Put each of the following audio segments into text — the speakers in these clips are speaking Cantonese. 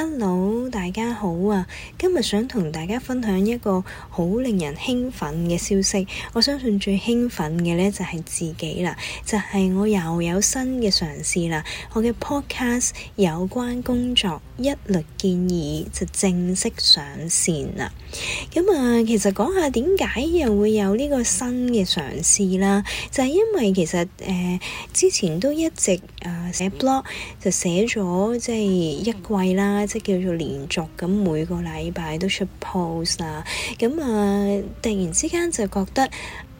Hello，大家好啊！今日想同大家分享一個好令人興奮嘅消息。我相信最興奮嘅咧就係自己啦，就係、是、我又有新嘅嘗試啦。我嘅 podcast 有關工作一律建議就正式上線啦。咁、嗯、啊，其實講下點解又會有呢個新嘅嘗試啦？就係、是、因為其實誒、呃、之前都一直誒寫 blog 就寫咗即係一季啦。即叫做連續咁每個禮拜都出 post 啊，咁啊突然之間就覺得，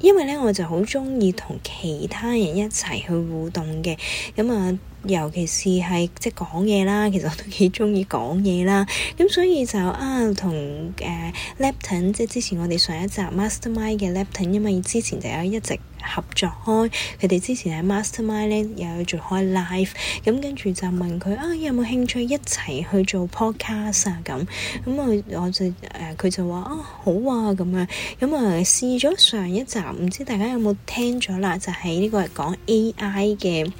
因為咧我就好鍾意同其他人一齊去互動嘅，咁啊。尤其是係即係講嘢啦，其實我都幾鍾意講嘢啦，咁所以就啊同誒、uh, Lapton 即係之前我哋上一集 Mastermind 嘅 Lapton 因為之前就有一直合作開，佢哋之前喺 Mastermind 咧又有做開 live，咁、嗯、跟住就問佢啊有冇興趣一齊去做 podcast 啊咁，咁啊、嗯、我就誒佢、啊、就話啊好啊咁樣，咁、嗯、啊試咗上一集，唔知大家有冇聽咗啦，就係、是、呢個係講 AI 嘅。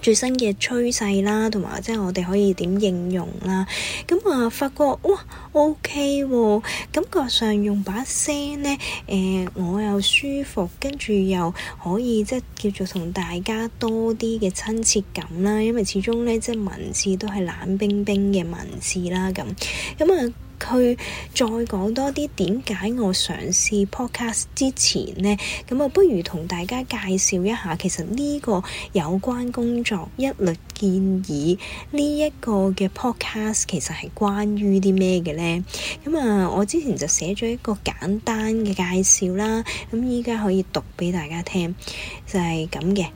最新嘅趨勢啦，同埋即係我哋可以點應用啦，咁啊發覺哇 OK 喎、啊，感覺上用把聲呢，誒、呃、我又舒服，跟住又可以即係叫做同大家多啲嘅親切感啦，因為始終呢，即係文字都係冷冰冰嘅文字啦，咁咁啊。佢再講多啲點解我嘗試 podcast 之前呢，咁啊，不如同大家介紹一下，其實呢個有關工作一律。建議呢一個嘅 podcast 其實係關於啲咩嘅咧？咁啊，我之前就寫咗一個簡單嘅介紹啦。咁依家可以讀俾大家聽，就係咁嘅。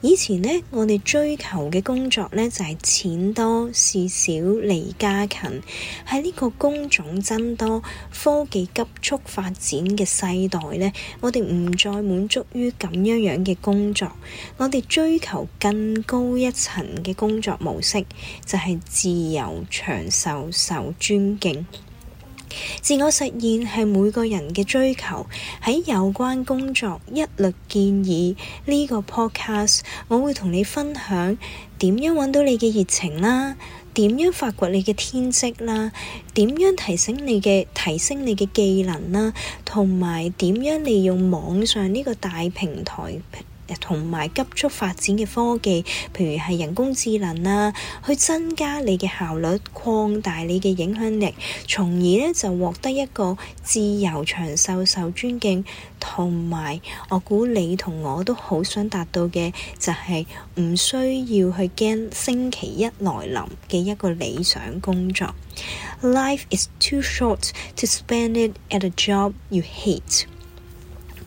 以前咧，我哋追求嘅工作咧就係、是、錢多事少離家近。喺呢個工種增多、科技急速發展嘅世代咧，我哋唔再滿足於咁樣樣嘅工作，我哋追求更高一層嘅。工作模式就係、是、自由、長壽、受尊敬。自我實現係每個人嘅追求。喺有關工作，一律建議呢個 podcast，我會同你分享點樣揾到你嘅熱情啦，點樣發掘你嘅天職啦，點樣提升你嘅提升你嘅技能啦，同埋點樣利用網上呢個大平台。同埋急速發展嘅科技，譬如係人工智能啊，去增加你嘅效率，擴大你嘅影響力，從而呢就獲得一個自由、長壽、受尊敬，同埋我估你同我都好想達到嘅，就係唔需要去驚星期一來臨嘅一個理想工作。Life is too short to spend it at a job you hate.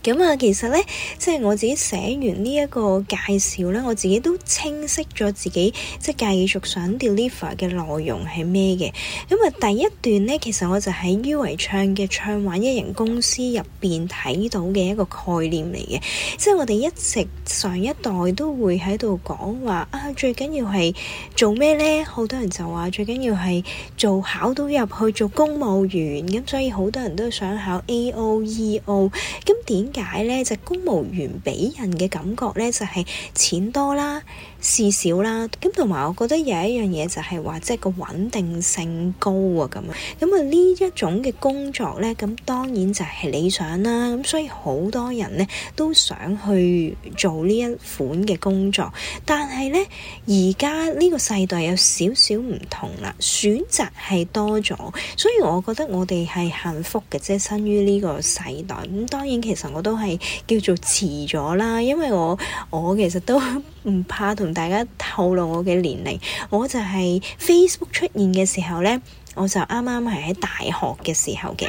咁啊，其實咧，即係我自己寫完呢一個介紹咧，我自己都清晰咗自己即係繼續想 deliver 嘅內容係咩嘅。咁啊第一段咧，其實我就喺于為暢嘅暢玩一人公司入邊睇到嘅一個概念嚟嘅，即係我哋一直上一代都會喺度講話啊，最緊要係做咩咧？好多人就話最緊要係做考到入去做公務員，咁所以好多人都想考 A O E O，咁點。解咧就係、公務員俾人嘅感覺咧就係、係、錢多啦，事少啦，咁同埋我覺得有一樣嘢就係話即係個穩定性高啊，咁啊，咁啊呢一種嘅工作咧咁當然就係理想啦，咁所以好多人咧都想去做呢一款嘅工作，但係咧而家呢個世代有少少唔同啦，選擇係多咗，所以我覺得我哋係幸福嘅，即係生於呢個世代。咁當然其實我。都係叫做遲咗啦，因為我我其實都唔怕同大家透露我嘅年齡，我就係 Facebook 出現嘅時候咧，我就啱啱係喺大學嘅時候嘅，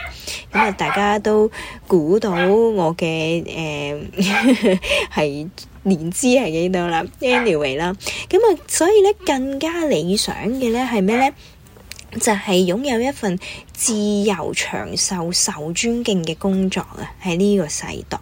咁啊，大家都估到我嘅誒係年資係幾多啦。Anyway 啦，咁啊，所以咧更加理想嘅咧係咩咧？就係擁有一份自由、長壽、受尊敬嘅工作啊！喺呢個世代，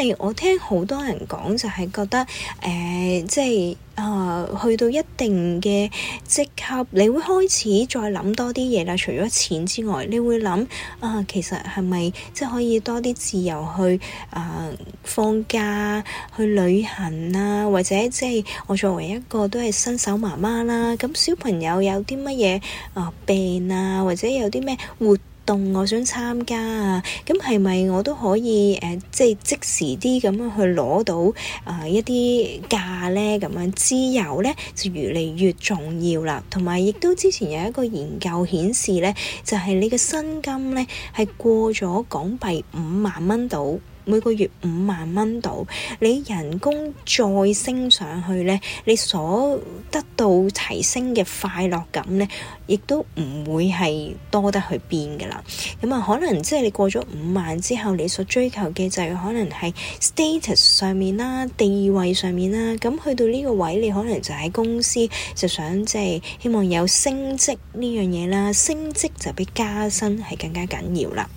因為我聽好多人講，就係、是、覺得誒、呃，即係。啊、呃，去到一定嘅職級，你會開始再諗多啲嘢啦。除咗錢之外，你會諗啊、呃，其實係咪即係可以多啲自由去啊、呃、放假、去旅行啦、啊，或者即係我作為一個都係新手媽媽啦。咁小朋友有啲乜嘢啊病啊，或者有啲咩活、啊？動我想參加啊，咁係咪我都可以誒、呃，即係即時啲咁樣去攞到啊、呃、一啲假咧。咁樣自由咧就越嚟越重要啦，同埋亦都之前有一個研究顯示咧，就係、是、你嘅薪金咧係過咗港幣五萬蚊度。每個月五萬蚊度，你人工再升上去咧，你所得到提升嘅快樂感咧，亦都唔會係多得去邊噶啦。咁啊，可能即係你過咗五萬之後，你所追求嘅就係可能係 status 上面啦、地位上面啦。咁去到呢個位，你可能就喺公司就想即係希望有升職呢樣嘢啦，升職就比加薪係更加緊要啦。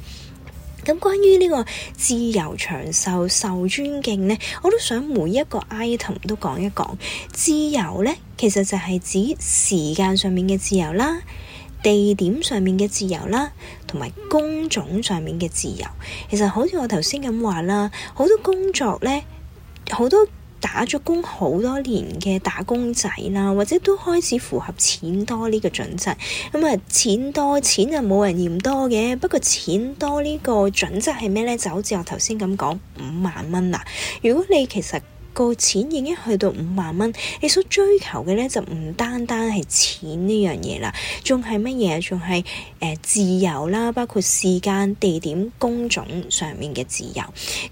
咁關於呢個自由長壽受尊敬呢，我都想每一個 item 都講一講。自由呢，其實就係指時間上面嘅自由啦、地點上面嘅自由啦，同埋工種上面嘅自由。其實好似我頭先咁話啦，好多工作呢，好多。打咗工好多年嘅打工仔啦，或者都開始符合錢多呢個準則。咁啊，錢多，錢就冇人嫌多嘅。不過錢多呢個準則係咩咧？就好似我頭先咁講，五萬蚊啦，如果你其實個錢已經去到五萬蚊，你所追求嘅咧就唔單單係錢呢樣嘢啦，仲係乜嘢？仲係誒自由啦，包括時間、地點、工種上面嘅自由。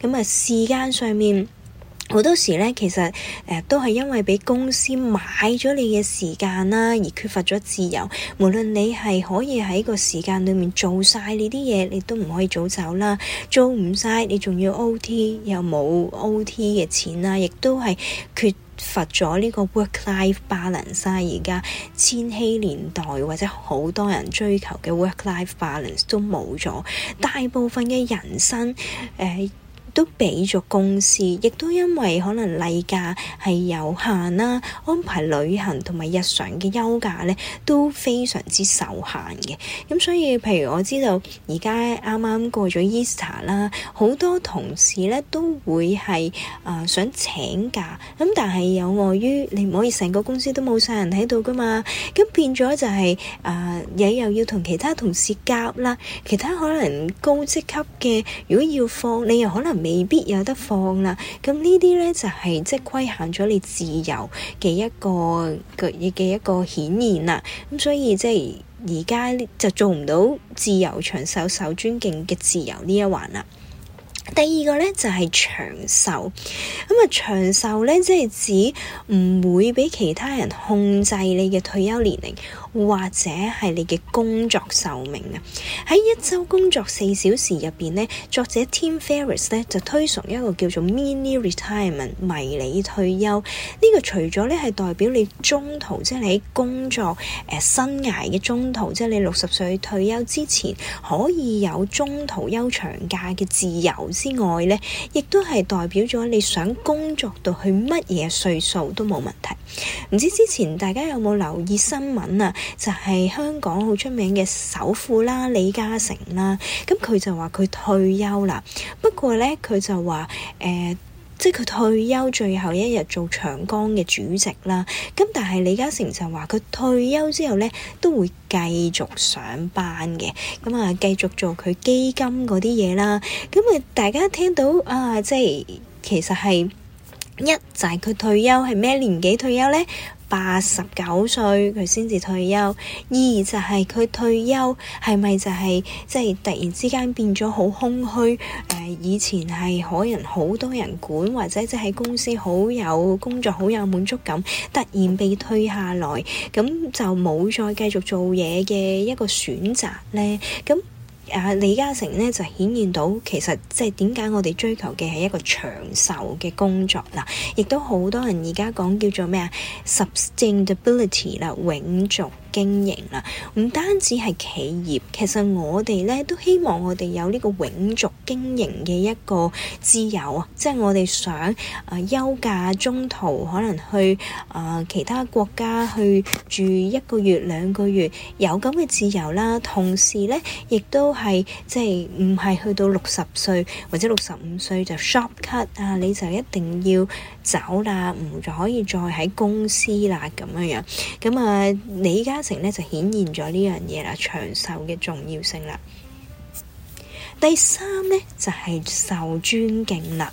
咁啊，時間上面。好多時咧，其實誒、呃、都係因為畀公司買咗你嘅時間啦，而缺乏咗自由。無論你係可以喺個時間裡面做晒你啲嘢，你都唔可以早走啦。做唔晒，你仲要 OT，又冇 OT 嘅錢啦，亦都係缺乏咗呢個 work life balance，啊。而家千禧年代或者好多人追求嘅 work life balance 都冇咗，大部分嘅人生誒。呃都畀咗公司，亦都因為可能例假係有限啦，安排旅行同埋日常嘅休假咧都非常之受限嘅。咁、嗯、所以，譬如我知道而家啱啱過咗 Easter 啦，好多同事咧都會係啊、呃、想請假，咁、嗯、但係有礙於你唔可以成個公司都冇晒人喺度噶嘛，咁變咗就係、是、啊，你、呃、又要同其他同事夾啦，其他可能高職級嘅如果要放，你又可能。未必有得放啦，咁呢啲咧就係即係規限咗你自由嘅一個嘅嘅一個顯現啦，咁所以即係而家就做唔到自由長壽受尊敬嘅自由呢一環啦。第二個咧就係、是、長壽，咁啊長壽咧即係指唔會俾其他人控制你嘅退休年齡。或者係你嘅工作壽命啊！喺一周工作四小時入邊呢，作者 Tim Ferriss 呢就推崇一個叫做 mini retirement 迷你退休呢、呢個，除咗呢係代表你中途即係你喺工作誒、呃、生涯嘅中途，即係你六十歲退休之前可以有中途休長假嘅自由之外呢，亦都係代表咗你想工作到去乜嘢歲數都冇問題。唔知之前大家有冇留意新聞啊？就係香港好出名嘅首富啦，李嘉誠啦，咁佢就話佢退休啦。不過咧，佢就話誒，即係佢退休最後一日做長江嘅主席啦。咁但係李嘉誠就話佢退休之後咧，都會繼續上班嘅。咁啊，繼續做佢基金嗰啲嘢啦。咁啊，大家聽到啊，即係其實係一就係佢退休係咩年紀退休咧？八十九歲佢先至退休，二就係佢退休係咪就係即係突然之間變咗好空虛？誒、呃，以前係可能好多人管，或者即係公司好有工作好有滿足感，突然被退下來，咁就冇再繼續做嘢嘅一個選擇咧，咁。啊，李嘉誠咧就顯現到其實即係點解我哋追求嘅係一個長壽嘅工作嗱，亦、啊、都好多人而家講叫做咩 Sustain 啊，sustainability 啦，永續。經營啦，唔單止係企業，其實我哋咧都希望我哋有呢個永續經營嘅一個自由，啊。即係我哋想啊休假中途可能去啊、呃、其他國家去住一個月兩個月，有咁嘅自由啦。同時咧，亦都係即係唔係去到六十歲或者六十五歲就 shop cut 啊，你就一定要。走啦，唔再可以再喺公司啦，咁樣樣。咁啊，李嘉誠咧就顯現咗呢樣嘢啦，長壽嘅重要性啦。第三咧就係受尊敬啦。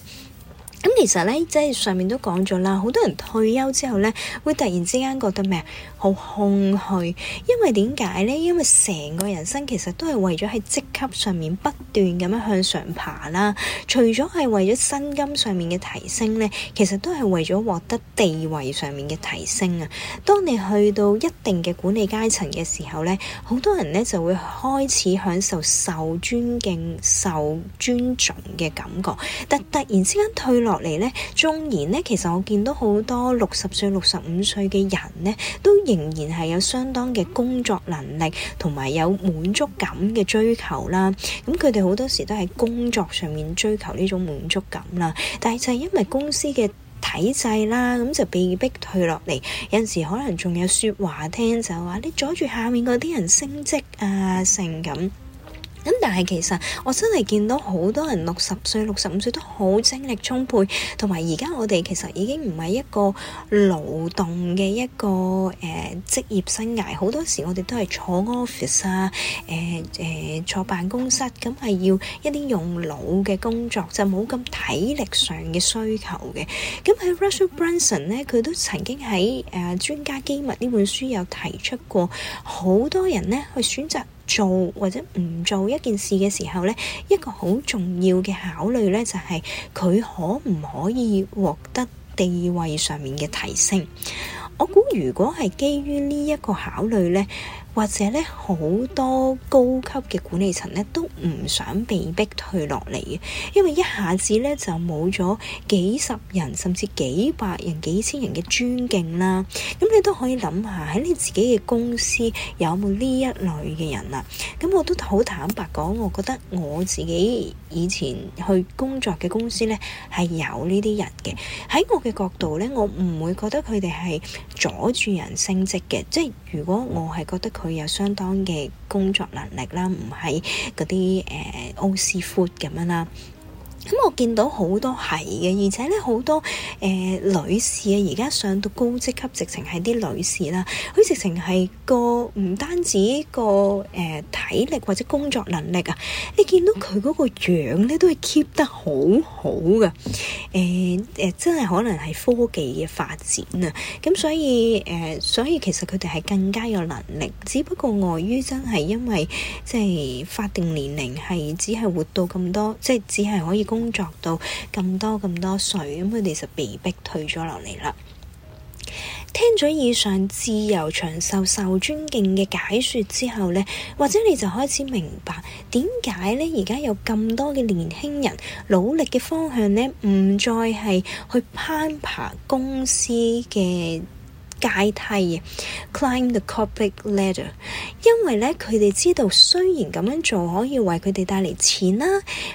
咁其實咧，即係上面都講咗啦，好多人退休之後咧，會突然之間覺得咩啊？好空虛，因為點解呢？因為成個人生其實都係為咗喺職級上面不斷咁樣向上爬啦。除咗係為咗薪金上面嘅提升呢，其實都係為咗獲得地位上面嘅提升啊。當你去到一定嘅管理階層嘅時候呢，好多人呢就會開始享受受尊敬、受尊重嘅感覺。但突然之間退落嚟呢，縱然呢，其實我見到好多六十歲、六十五歲嘅人呢都，仍然係有相當嘅工作能力，同埋有滿足感嘅追求啦。咁佢哋好多時都喺工作上面追求呢種滿足感啦。但係就係因為公司嘅體制啦，咁就被逼退落嚟。有陣時可能仲有説話聽就話你阻住下面嗰啲人升職啊，成咁。等等。但係其實我真係見到好多人六十歲、六十五歲都好精力充沛，同埋而家我哋其實已經唔係一個勞動嘅一個誒職、呃、業生涯，好多時我哋都係坐 office 啊，誒、呃、誒、呃、坐辦公室，咁係要一啲用腦嘅工作，就冇咁體力上嘅需求嘅。咁喺 Russell Brunson 呢，佢都曾經喺《誒、呃、專家機密》呢本書有提出過，好多人呢去選擇。做或者唔做一件事嘅時候，呢一個好重要嘅考慮呢，就係佢可唔可以獲得地位上面嘅提升。我估如果係基於呢一個考慮呢。或者咧好多高級嘅管理層咧都唔想被逼退落嚟嘅，因為一下子咧就冇咗幾十人甚至幾百人、幾千人嘅尊敬啦。咁你都可以諗下喺你自己嘅公司有冇呢一類嘅人啊，咁我都好坦白講，我覺得我自己以前去工作嘅公司咧係有呢啲人嘅。喺我嘅角度咧，我唔會覺得佢哋係阻住人升職嘅。即係如果我係覺得佢，會有相當嘅工作能力啦，唔係嗰啲誒 all seafood 咁樣啦。咁、嗯、我見到好多係嘅，而且咧好多誒、呃、女士啊，而家上到高職級直情係啲女士啦，佢直情係個唔單止個誒、呃、體力或者工作能力啊，你見到佢嗰個樣咧，都係 keep 得好好嘅，誒、呃、誒、呃、真係可能係科技嘅發展啊，咁所以誒、呃、所以其實佢哋係更加有能力，只不過礙於真係因為即係、就是、法定年齡係只係活到咁多，即係只係可以。工作到咁多咁多歲，咁佢哋就被逼退咗落嚟啦。聽咗以上自由、長壽、受尊敬嘅解說之後咧，或者你就開始明白點解咧，而家有咁多嘅年輕人努力嘅方向咧，唔再係去攀爬公司嘅階梯啊，climb the corporate ladder，因為咧佢哋知道，雖然咁樣做可以為佢哋帶嚟錢啦，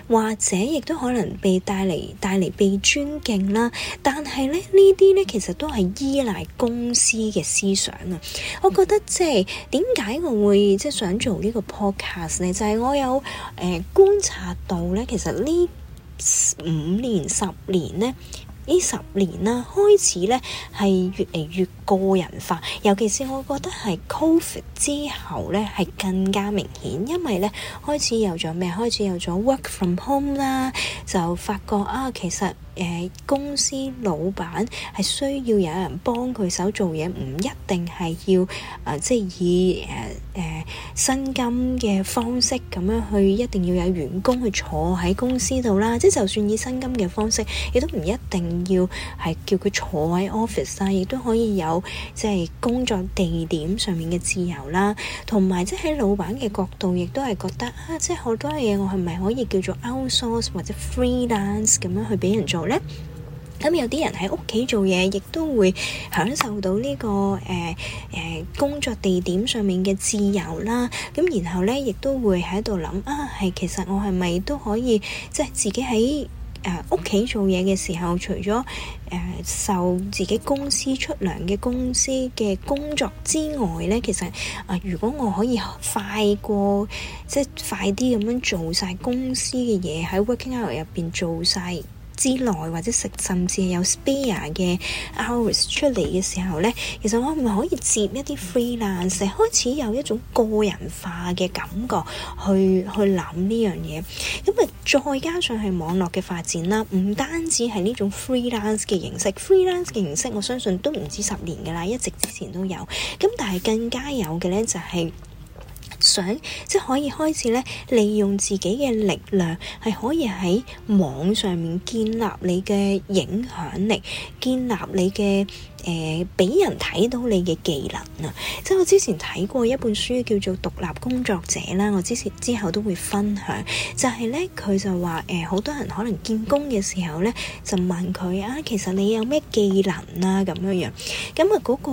或者亦都可能被帶嚟帶嚟被尊敬啦，但係咧呢啲咧其實都係依賴公司嘅思想啊。我覺得即係點解我會即係、就是、想做個呢個 podcast 咧，就係、是、我有誒、呃、觀察到咧，其實呢五年十年咧。呢十年啦，開始咧係越嚟越個人化，尤其是我覺得係 COVID 之後咧係更加明顯，因為咧開始有咗咩，開始有咗 work from home 啦，就發覺啊，其實。誒公司老闆係需要有人幫佢手做嘢，唔一定係要啊、呃，即係以誒誒薪金嘅方式咁樣去，一定要有員工去坐喺公司度啦。即係就算以薪金嘅方式，亦都唔一定要係叫佢坐喺 office 啦、啊，亦都可以有即係工作地點上面嘅自由啦。同、啊、埋即係喺老闆嘅角度，亦都係覺得啊，即係好多嘢我係咪可以叫做 outsource 或者 freelance 咁樣去畀人做？咁、嗯、有啲人喺屋企做嘢，亦都會享受到呢、這個誒誒、呃呃、工作地點上面嘅自由啦。咁、啊、然後咧，亦都會喺度諗啊，係其實我係咪都可以即係、就是、自己喺誒屋企做嘢嘅時候，除咗誒、呃、受自己公司出糧嘅公司嘅工作之外咧，其實啊、呃，如果我可以快過即係、就是、快啲咁樣做晒公司嘅嘢喺 working hour 入邊做晒。」之內或者甚至係有 spare 嘅 hours 出嚟嘅時候呢，其實我咪可以接一啲 freelance，開始有一種個人化嘅感覺去去諗呢樣嘢。咁啊，再加上係網絡嘅發展啦，唔單止係呢種 freelance 嘅形式，freelance 嘅形式我相信都唔止十年噶啦，一直之前都有咁，但係更加有嘅呢、就係，就係。想即係可以開始咧，利用自己嘅力量，係可以喺網上面建立你嘅影響力，建立你嘅。誒畀、呃、人睇到你嘅技能啊！即係我之前睇過一本書叫做《獨立工作者》啦，我之前之後都會分享，就係咧佢就話誒，好、呃、多人可能見工嘅時候咧，就問佢啊，其實你有咩技能啊咁樣樣。咁啊嗰個、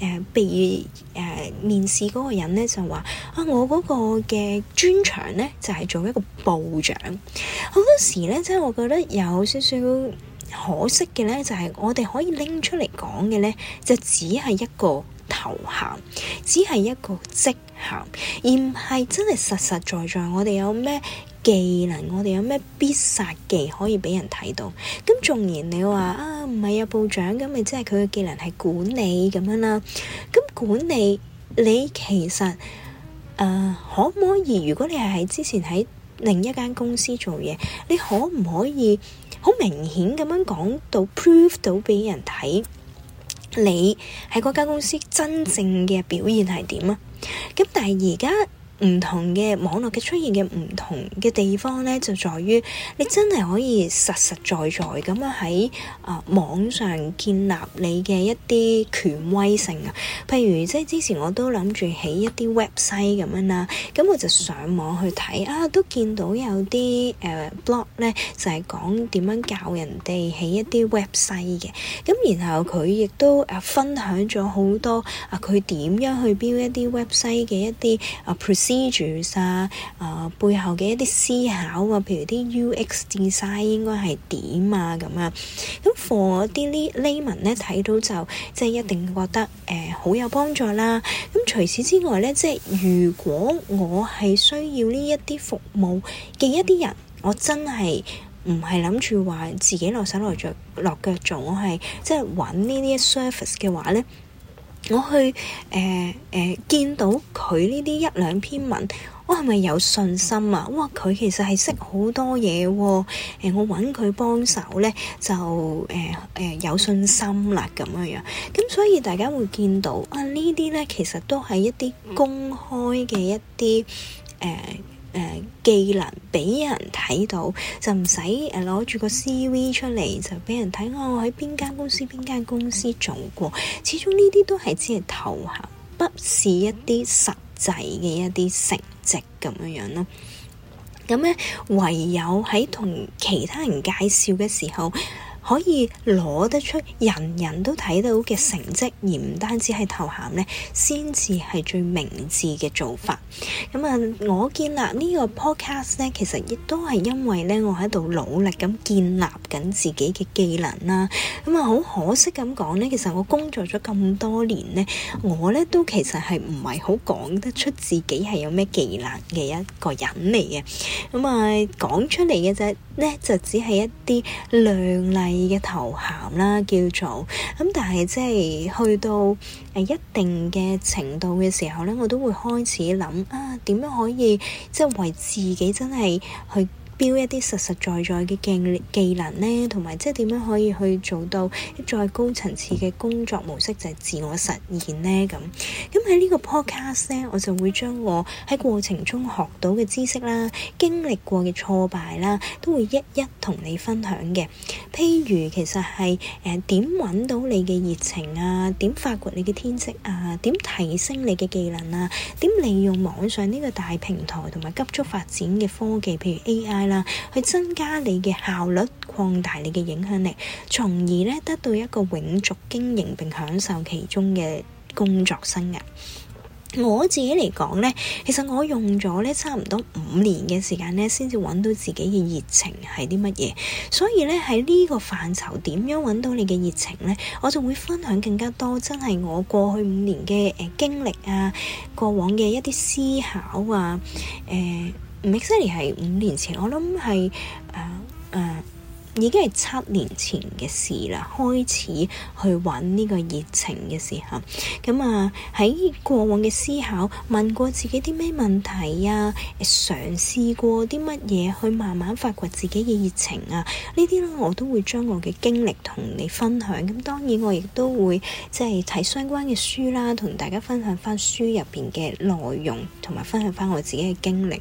呃、被誒、呃、面試嗰個人咧就話啊，我嗰個嘅專長咧就係、是、做一個部長。好多時咧，即、就、係、是、我覺得有少少。可惜嘅咧，就係、是、我哋可以拎出嚟講嘅咧，就只係一個頭銜，只係一個職銜，而唔係真係實實在在。我哋有咩技能，我哋有咩必殺技可以畀人睇到。咁縱然你話啊唔係有部長，咁咪即係佢嘅技能係管理咁樣啦。咁管理你其實誒、呃、可唔可以？如果你係喺之前喺。另一間公司做嘢，你可唔可以好明顯咁樣講到 prove 到畀人睇，你喺嗰間公司真正嘅表現係點啊？咁但係而家唔同嘅網絡嘅出現嘅唔同嘅地方呢，就在於你真係可以實實在在咁樣喺啊網上建立你嘅一啲權威性啊。譬如即係之前我都諗住起一啲 website 咁樣啦，咁我就上網去睇啊，都見到有啲誒、呃、blog 呢，就係、是、講點樣教人哋起一啲 website 嘅。咁然後佢亦都誒分享咗好多啊，佢點樣去 build 一啲 website 嘅一啲啊思住晒，啊，背後嘅一啲思考啊，譬如啲 UX design 應該係點啊咁啊，咁 for 啲呢 layman 咧睇到就即係、就是、一定覺得誒、呃、好有幫助啦。咁除此之外咧，即係如果我係需要呢一啲服務嘅一啲人，我真係唔係諗住話自己落手落腳落腳做，我係即係揾呢啲 service 嘅話咧。我去誒誒、呃呃、見到佢呢啲一兩篇文，我係咪有信心啊？哇！佢其實係識好多嘢喎、啊呃，我揾佢幫手咧就誒誒、呃呃、有信心啦咁樣樣。咁所以大家會見到啊、呃、呢啲咧，其實都係一啲公開嘅一啲誒。呃誒，技、呃、能畀人睇到，就唔使誒攞住個 CV 出嚟就畀人睇我，我喺邊間公司、邊間公司做過。始終呢啲都係只係頭銜，不是一啲實際嘅一啲成績咁樣樣咯。咁、呃、咧，唯有喺同其他人介紹嘅時候，可以攞得出人人都睇到嘅成績，而唔單止係頭銜咧，先至係最明智嘅做法。咁啊，我建立呢個 podcast 咧，其實亦都係因為咧，我喺度努力咁建立緊自己嘅技能啦。咁啊，好可惜咁講咧，其實我工作咗咁多年咧，我咧都其實係唔係好講得出自己係有咩技能嘅一個人嚟嘅。咁啊，講出嚟嘅啫咧，就只係一啲亮麗。嘅頭銜啦，叫做咁，但係即係去到誒一定嘅程度嘅時候咧，我都會開始諗啊，點樣可以即係、就是、為自己真係去標一啲實實在在嘅經歷技能咧，同埋即係點樣可以去做到再高層次嘅工作模式就係、是、自我實現咧咁。咁喺呢個 podcast 咧，我就會將我喺過程中學到嘅知識啦、經歷過嘅挫敗啦，都會一一同你分享嘅。譬如其實係誒點揾到你嘅熱情啊，點發掘你嘅天職啊，點提升你嘅技能啊，點利用網上呢個大平台同埋急速發展嘅科技，譬如 AI。去增加你嘅效率，擴大你嘅影響力，從而咧得到一個永續經營並享受其中嘅工作生涯。我自己嚟講咧，其實我用咗咧差唔多五年嘅時間咧，先至揾到自己嘅熱情係啲乜嘢。所以咧喺呢個範疇，點樣揾到你嘅熱情咧？我就會分享更加多，真係我過去五年嘅誒、呃、經歷啊，過往嘅一啲思考啊，誒、呃。其實係五年前，我諗係誒誒已經係七年前嘅事啦。開始去揾呢個熱情嘅時候，咁啊喺過往嘅思考，問過自己啲咩問題啊，嘗試過啲乜嘢去慢慢發掘自己嘅熱情啊。呢啲咧我都會將我嘅經歷同你分享。咁當然我亦都會即係睇相關嘅書啦，同大家分享翻書入邊嘅內容，同埋分享翻我自己嘅經歷。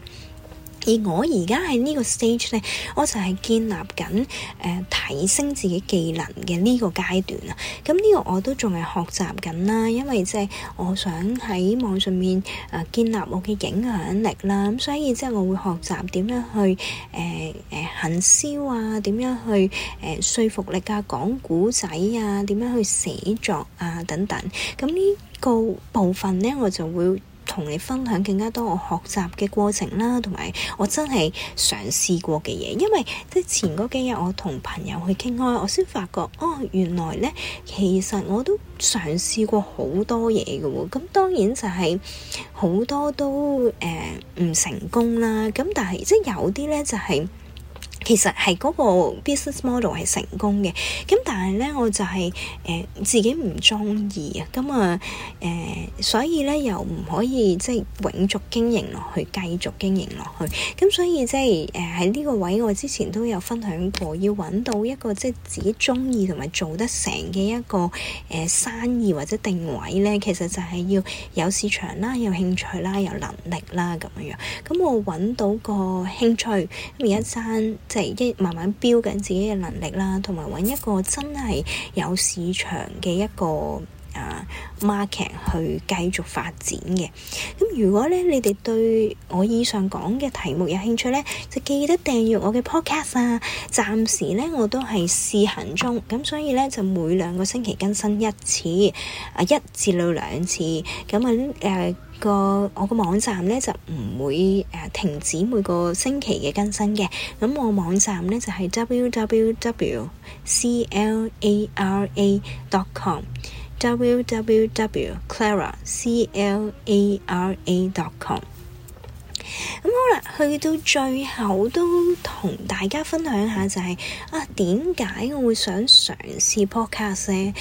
而我而家喺呢個 stage 咧，我就係建立緊誒、呃、提升自己技能嘅呢個階段啊！咁、這、呢個我都仲係學習緊啦，因為即係我想喺網上面誒建立我嘅影響力啦，咁所以即係我會學習點樣去誒誒、呃呃、行銷啊，點樣去誒說服力啊，講故仔啊，點樣去寫作啊等等。咁、這、呢個部分咧，我就會，同你分享更加多我學習嘅過程啦，同埋我真係嘗試過嘅嘢。因為即係前嗰幾日我同朋友去傾開，我先發覺哦，原來咧其實我都嘗試過好多嘢嘅喎。咁當然就係好多都誒唔、呃、成功啦。咁但係即有啲咧就係、是。其實係嗰個 business model 係成功嘅，咁但係咧我就係、是、誒、呃、自己唔中意啊，咁啊誒，所以咧又唔可以即係、就是、永續經營落去，繼續經營落去，咁所以即係誒喺呢個位，我之前都有分享過，要揾到一個即係、就是、自己中意同埋做得成嘅一個誒、呃、生意或者定位咧，其實就係要有市場啦、有興趣啦、有能力啦咁樣樣。咁我揾到個興趣，而家爭慢慢標緊自己嘅能力啦，同埋揾一個真係有市場嘅一個啊、uh, market 去繼續發展嘅。咁如果咧，你哋對我以上講嘅題目有興趣咧，就記得訂閱我嘅 podcast 啊。暫時咧我都係試行中，咁所以咧就每兩個星期更新一次啊，一至到兩次咁啊誒。個我個網站咧就唔會誒停止每個星期嘅更新嘅，咁我網站咧就係、是、wwwclara.com，www.clara.clara.com。咁好啦，去到最後都同大家分享下就係、是、啊點解我會想嘗試 podcast 咧？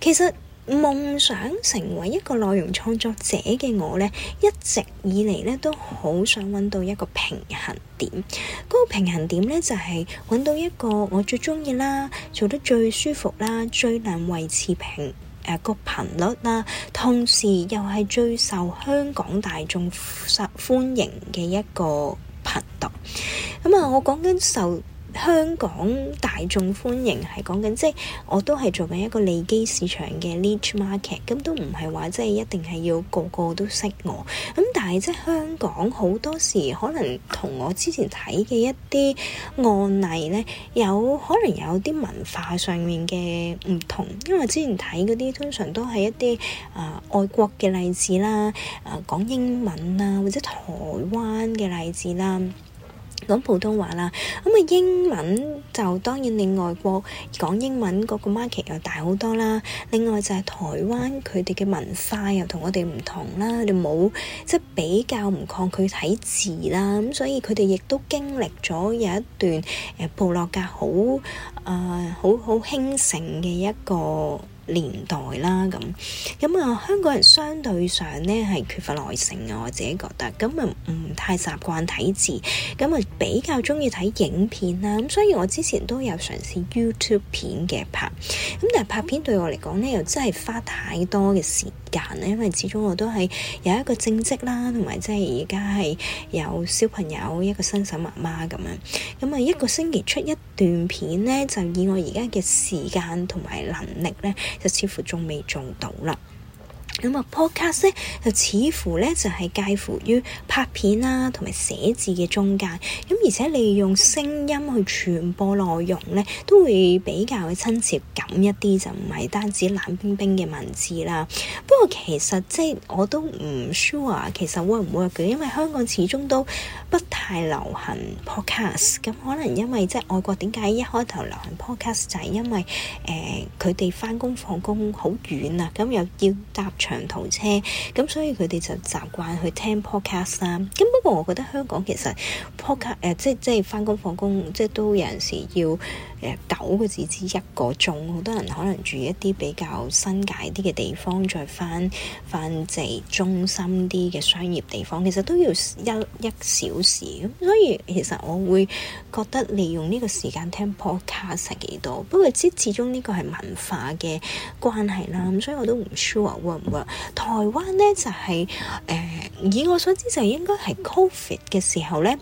其實。夢想成為一個內容創作者嘅我呢，一直以嚟呢都好想揾到一個平衡點。嗰、那個平衡點呢，就係、是、揾到一個我最鍾意啦，做得最舒服啦，最能維持平、呃、個頻率啦，同時又係最受香港大眾受歡迎嘅一個頻道。咁、嗯、啊，我講緊受。香港大眾歡迎係講緊，即係我都係做緊一個利基市場嘅 leach market，咁都唔係話即係一定係要個個都識我。咁但係即係香港好多時可能同我之前睇嘅一啲案例咧，有可能有啲文化上面嘅唔同，因為之前睇嗰啲通常都係一啲啊、呃、外國嘅例子啦，啊、呃、講英文啊或者台灣嘅例子啦。講普通話啦，咁、嗯、啊英文就當然你外國講英文嗰個 market 又大好多啦。另外就係台灣佢哋嘅文化又同我哋唔同啦，你冇即係比較唔抗拒睇字啦，咁、嗯、所以佢哋亦都經歷咗有一段誒、呃、部落格好誒好好興盛嘅一個年代啦咁，咁啊香港人相對上咧係缺乏耐性啊，我自己覺得咁啊唔太習慣睇字，咁啊比較中意睇影片啦，咁所以我之前都有嘗試 YouTube 片嘅拍，咁但係拍片對我嚟講咧又真係花太多嘅時間咧，因為始終我都係有一個正職啦，同埋即係而家係有小朋友一個新手媽媽咁樣。咁啊一個星期出一段片咧，就以我而家嘅時間同埋能力咧。就似乎仲未做到啦。咁啊，podcast 咧就似乎咧就係、就是、介乎於拍片啦同埋寫字嘅中間。咁而且利用聲音去傳播內容咧，都會比較嘅親切感一啲，就唔係單止冷冰冰嘅文字啦。不過其實即係我都唔 sure，其實會唔會佢因為香港始終都不。太流行 podcast，咁可能因為即係外國點解一開頭流行 podcast 就係因為誒佢哋返工放工好遠啊，咁又要搭長途車，咁所以佢哋就習慣去聽 podcast 啦。咁不過我覺得香港其實 podcast 誒、呃、即即係返工放工即係都有陣時要。九個字之一個鐘，好多人可能住一啲比較新界啲嘅地方，再返返市中心啲嘅商業地方，其實都要一一小時咁。所以其實我會覺得利用呢個時間聽 podcast 幾多，不過之始終呢個係文化嘅關係啦。咁所以我都唔 sure 會唔會台灣呢，就係、是、誒、呃、以我所知就應該係 COVID 嘅時候呢。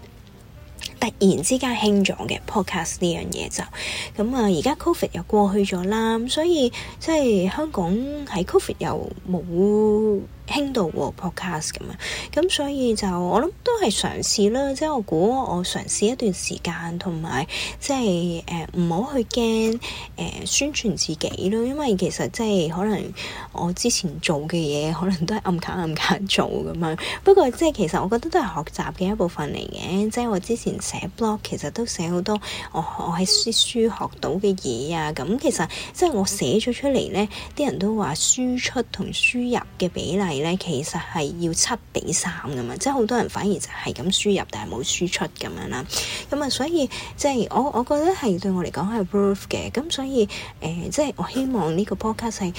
突然之間興咗嘅 podcast 呢樣嘢就咁啊！而家 Covid 又過去咗啦，咁所以即係香港喺 Covid 又冇？輕度喎 podcast 咁啊，咁所以就我諗都係嘗試咯，即係我估我嘗試一段時間，同埋即係誒唔好去驚誒、呃、宣傳自己咯，因為其實即係可能我之前做嘅嘢，可能都係暗卡暗卡做咁樣。不過即係其實我覺得都係學習嘅一部分嚟嘅，即係我之前寫 blog 其實都寫好多我我喺書書學到嘅嘢啊。咁其實即係我寫咗出嚟咧，啲人都話輸出同輸入嘅比例。其實係要七比三噶嘛，即係好多人反而就係咁輸入，但係冇輸出咁樣啦。咁、嗯、啊，所以即係、就是、我，我覺得係對我嚟講係 worth 嘅。咁、嗯、所以誒，即、呃、係、就是、我希望呢個 podcast 係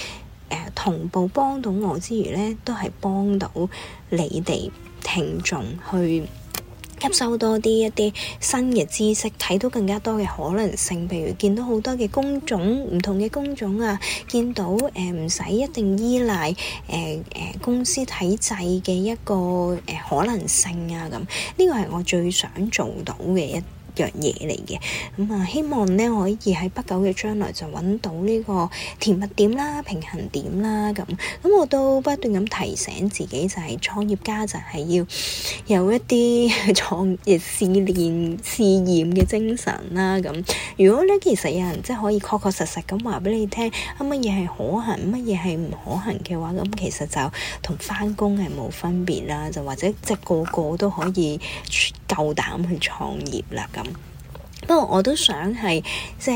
誒同步幫到我之餘咧，都係幫到你哋聽眾去。吸收多啲一啲新嘅知識，睇到更加多嘅可能性，譬如見到好多嘅工種唔同嘅工種啊，見到誒唔使一定依賴誒誒公司體制嘅一個誒、呃、可能性啊咁，呢個係我最想做到嘅一。樣嘢嚟嘅，咁啊、嗯、希望咧可以喺不久嘅將來就揾到呢個甜蜜點啦、平衡點啦咁。咁、嗯嗯嗯、我都不斷咁提醒自己、就是，就係創業家就係要有一啲創業試練、試驗嘅精神啦咁、嗯。如果咧其實有人即係可以確確實實咁話畀你聽，乜嘢係可行，乜嘢係唔可行嘅話，咁、嗯、其實就同翻工係冇分別啦，就或者即係個個都可以夠膽去創業啦咁。嗯不過我都想係即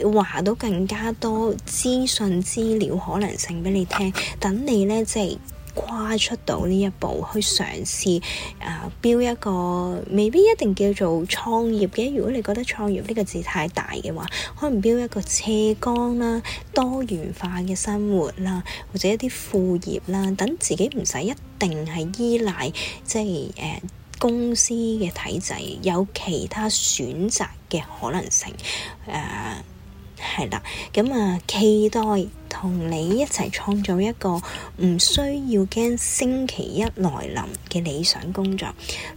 係話到更加多資訊、資料、可能性畀你聽，等你呢，即係跨出到呢一步去嘗試啊、呃，標一個未必一定叫做創業嘅。如果你覺得創業呢個字太大嘅話，可能標一個斜槓啦、多元化嘅生活啦，或者一啲副業啦，等自己唔使一定係依賴即係誒。呃公司嘅體制有其他選擇嘅可能性，誒係啦，咁啊期待同你一齊創造一個唔需要驚星期一來臨嘅理想工作。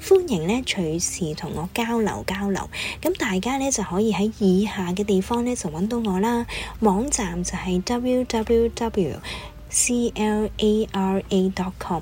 歡迎咧隨時同我交流交流，咁大家咧就可以喺以下嘅地方咧就揾到我啦。網站就係 wwwclara.com。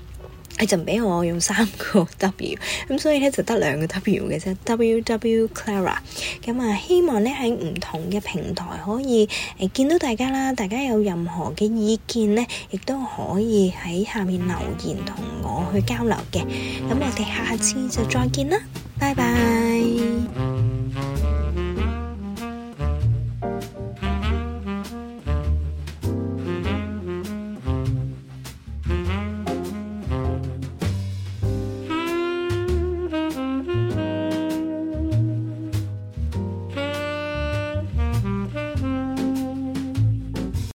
誒就唔俾我用三個 W，咁所以咧就得兩個 W 嘅啫，WWClara。咁啊，希望咧喺唔同嘅平台可以誒、呃、見到大家啦，大家有任何嘅意見咧，亦都可以喺下面留言同我去交流嘅。咁我哋下次就再見啦，拜拜。